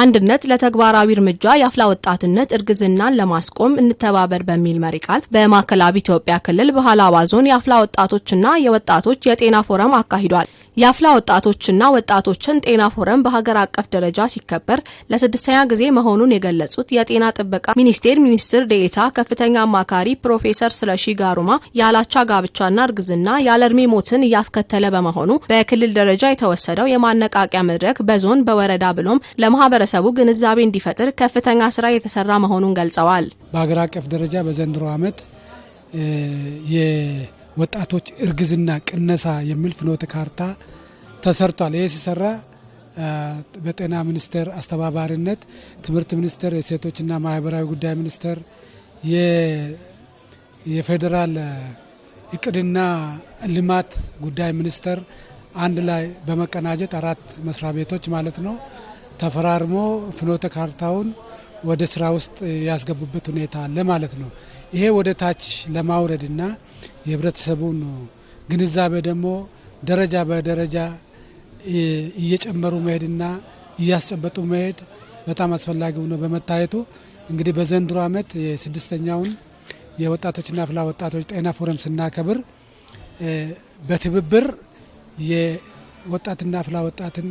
አንድነት ለተግባራዊ እርምጃ የአፍላ ወጣትነት እርግዝናን ለማስቆም እንተባበር በሚል መሪ ቃል በማዕከላዊ ኢትዮጵያ ክልል በሀላባ ዞን የአፍላ ወጣቶችና የወጣቶች የጤና ፎረም አካሂዷል። የአፍላ ወጣቶችና ወጣቶችን ጤና ፎረም በሀገር አቀፍ ደረጃ ሲከበር ለስድስተኛ ጊዜ መሆኑን የገለጹት የጤና ጥበቃ ሚኒስቴር ሚኒስትር ዴኤታ ከፍተኛ አማካሪ ፕሮፌሰር ስለሺ ጋሩማ ያላቻ ጋብቻና እርግዝና ያለ እድሜ ሞትን እያስከተለ በመሆኑ በክልል ደረጃ የተወሰደው የማነቃቂያ መድረክ በዞን በወረዳ ብሎም ለማህበረሰቡ ግንዛቤ እንዲፈጥር ከፍተኛ ስራ የተሰራ መሆኑን ገልጸዋል። በሀገር አቀፍ ደረጃ በዘንድሮ ዓመት የወጣቶች እርግዝና ቅነሳ የሚል ፍኖተ ካርታ ተሰርቷል። ይህ ሲሰራ በጤና ሚኒስቴር አስተባባሪነት ትምህርት ሚኒስቴር፣ የሴቶችና ማህበራዊ ጉዳይ ሚኒስቴር፣ የፌዴራል እቅድና ልማት ጉዳይ ሚኒስቴር አንድ ላይ በመቀናጀት አራት መስሪያ ቤቶች ማለት ነው ተፈራርሞ ፍኖተ ካርታውን ወደ ስራ ውስጥ ያስገቡበት ሁኔታ አለ ማለት ነው። ይሄ ወደ ታች ለማውረድና የህብረተሰቡን ግንዛቤ ደግሞ ደረጃ በደረጃ እየጨመሩ መሄድና እያስጨበጡ መሄድ በጣም አስፈላጊ ሆኖ በመታየቱ እንግዲህ በዘንድሮ ዓመት የስድስተኛውን የወጣቶችና ፍላ ወጣቶች ጤና ፎረም ስናከብር በትብብር የወጣትና ፍላ ወጣትን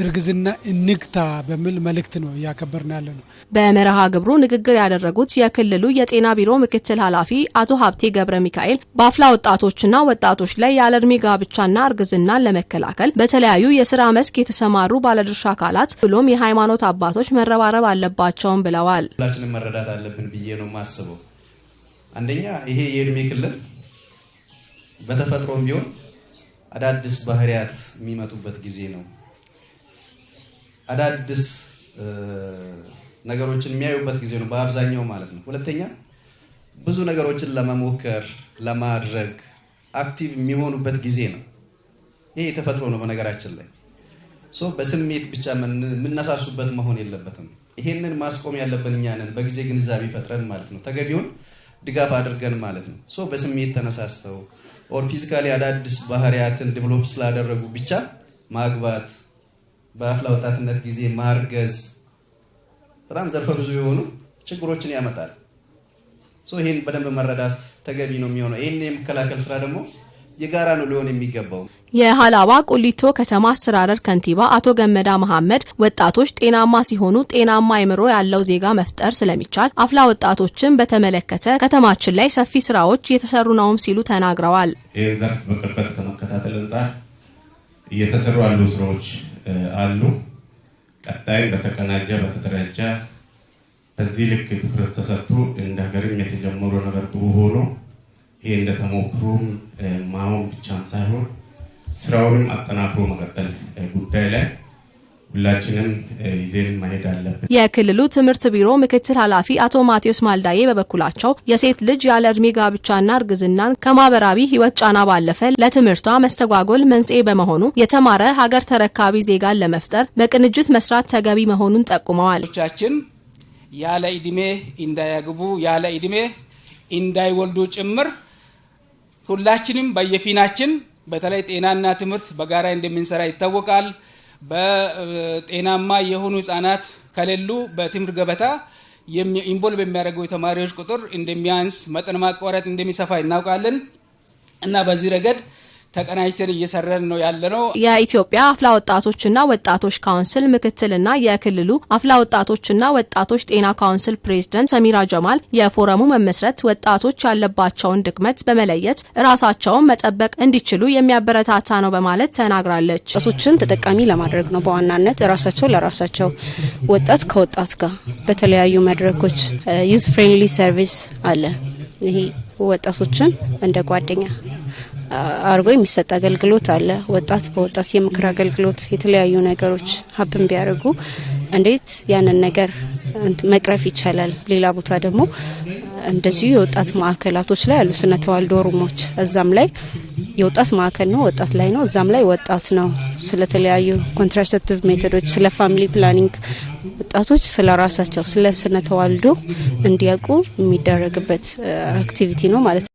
እርግዝና እንግታ በሚል መልእክት ነው እያከበርን ያለ ነው። በመርሃ ግብሩ ንግግር ያደረጉት የክልሉ የጤና ቢሮ ምክትል ኃላፊ አቶ ሀብቴ ገብረ ሚካኤል በአፍላ ወጣቶችና ወጣቶች ላይ ያለ እድሜ ጋብቻና እርግዝናን ለመከላከል በተለያዩ የስራ መስክ የተሰማሩ ባለድርሻ አካላት ብሎም የሃይማኖት አባቶች መረባረብ አለባቸውም ብለዋል። ሁላችንም መረዳት አለብን ብዬ ነው የማስበው። አንደኛ ይሄ የእድሜ ክልል በተፈጥሮም ቢሆን አዳዲስ ባህሪያት የሚመጡበት ጊዜ ነው። አዳዲስ ነገሮችን የሚያዩበት ጊዜ ነው በአብዛኛው ማለት ነው። ሁለተኛ ብዙ ነገሮችን ለመሞከር ለማድረግ አክቲቭ የሚሆኑበት ጊዜ ነው። ይሄ የተፈጥሮ ነው በነገራችን ላይ በስሜት ብቻ የምነሳሱበት መሆን የለበትም። ይሄንን ማስቆም ያለብን እኛንን በጊዜ ግንዛቤ ፈጥረን ማለት ነው። ተገቢውን ድጋፍ አድርገን ማለት ነው። ሶ በስሜት ተነሳስተው ኦር ፊዚካሊ አዳዲስ ባህሪያትን ዲቨሎፕ ስላደረጉ ብቻ ማግባት በአፍላ ወጣትነት ጊዜ ማርገዝ በጣም ዘርፈ ብዙ የሆኑ ችግሮችን ያመጣል። ይህን በደንብ መረዳት ተገቢ ነው የሚሆነው። ይህን የመከላከል ስራ ደግሞ የጋራ ነው ሊሆን የሚገባው። የሀላባ ቁሊቶ ከተማ አስተዳደር ከንቲባ አቶ ገመዳ መሐመድ ወጣቶች ጤናማ ሲሆኑ ጤናማ አይምሮ ያለው ዜጋ መፍጠር ስለሚቻል አፍላ ወጣቶችን በተመለከተ ከተማችን ላይ ሰፊ ስራዎች እየተሰሩ ነውም ሲሉ ተናግረዋል። ይህን ዘርፍ በቅርበት ከመከታተል አንጻር እየተሰሩ ያሉ ስራዎች አሉ። ቀጣይም በተቀናጀ በተደራጀ በዚህ ልክ ትኩረት ተሰጥቶ እንደ ሀገርም የተጀመሩ ነገር ጥሩ ሆኖ ይሄ እንደ ተሞክሮም ማሆን ብቻም ሳይሆን ስራውንም አጠናክሮ መቀጠል ጉዳይ ላይ ሁላችንም ይዜን መሄድ አለብን። የክልሉ ትምህርት ቢሮ ምክትል ኃላፊ አቶ ማቴዎስ ማልዳዬ በበኩላቸው የሴት ልጅ ያለ እድሜ ጋብቻና እርግዝናን ከማህበራዊ ህይወት ጫና ባለፈ ለትምህርቷ መስተጓጎል መንስኤ በመሆኑ የተማረ ሀገር ተረካቢ ዜጋን ለመፍጠር በቅንጅት መስራት ተገቢ መሆኑን ጠቁመዋል። ቻችን ያለ እድሜ እንዳያግቡ ያለ እድሜ እንዳይወልዱ ጭምር ሁላችንም በየፊናችን በተለይ ጤናና ትምህርት በጋራ እንደምንሰራ ይታወቃል። በጤናማ የሆኑ ህጻናት ከሌሉ በትምህርት ገበታ ኢንቮልቭ የሚያደርገው የተማሪዎች ቁጥር እንደሚያንስ መጠን ማቋረጥ እንደሚሰፋ እናውቃለን እና በዚህ ረገድ ተቀናጅተን እየሰረን ነው ነው። የኢትዮጵያ አፍላ ወጣቶችና ወጣቶች ካውንስል ምክትልና የክልሉ አፍላ ወጣቶችና ወጣቶች ጤና ካውንስል ፕሬዚደንት ሰሚራ ጀማል የፎረሙ መመስረት ወጣቶች ያለባቸውን ድክመት በመለየት ራሳቸውን መጠበቅ እንዲችሉ የሚያበረታታ ነው በማለት ተናግራለች። ወጣቶችን ተጠቃሚ ለማድረግ ነው በዋናነት ራሳቸው ለራሳቸው ወጣት ከወጣት ጋር በተለያዩ መድረኮች ዩዝ ፍሬንድሊ ሰርቪስ አለ። ይሄ ወጣቶችን እንደ ጓደኛ አድርጎ የሚሰጥ አገልግሎት አለ። ወጣት በወጣት የምክር አገልግሎት የተለያዩ ነገሮች ሀብን ቢያደርጉ እንዴት ያንን ነገር መቅረፍ ይቻላል። ሌላ ቦታ ደግሞ እንደዚሁ የወጣት ማዕከላቶች ላይ ያሉ ስነ ተዋልዶ ሩሞች እዛም ላይ የወጣት ማዕከል ነው፣ ወጣት ላይ ነው፣ እዛም ላይ ወጣት ነው። ስለተለያዩ ኮንትራሴፕቲቭ ሜቶዶች፣ ስለ ፋሚሊ ፕላኒንግ ወጣቶች ስለ ራሳቸው ስለ ስነ ተዋልዶ እንዲያውቁ የሚደረግበት አክቲቪቲ ነው ማለት ነው።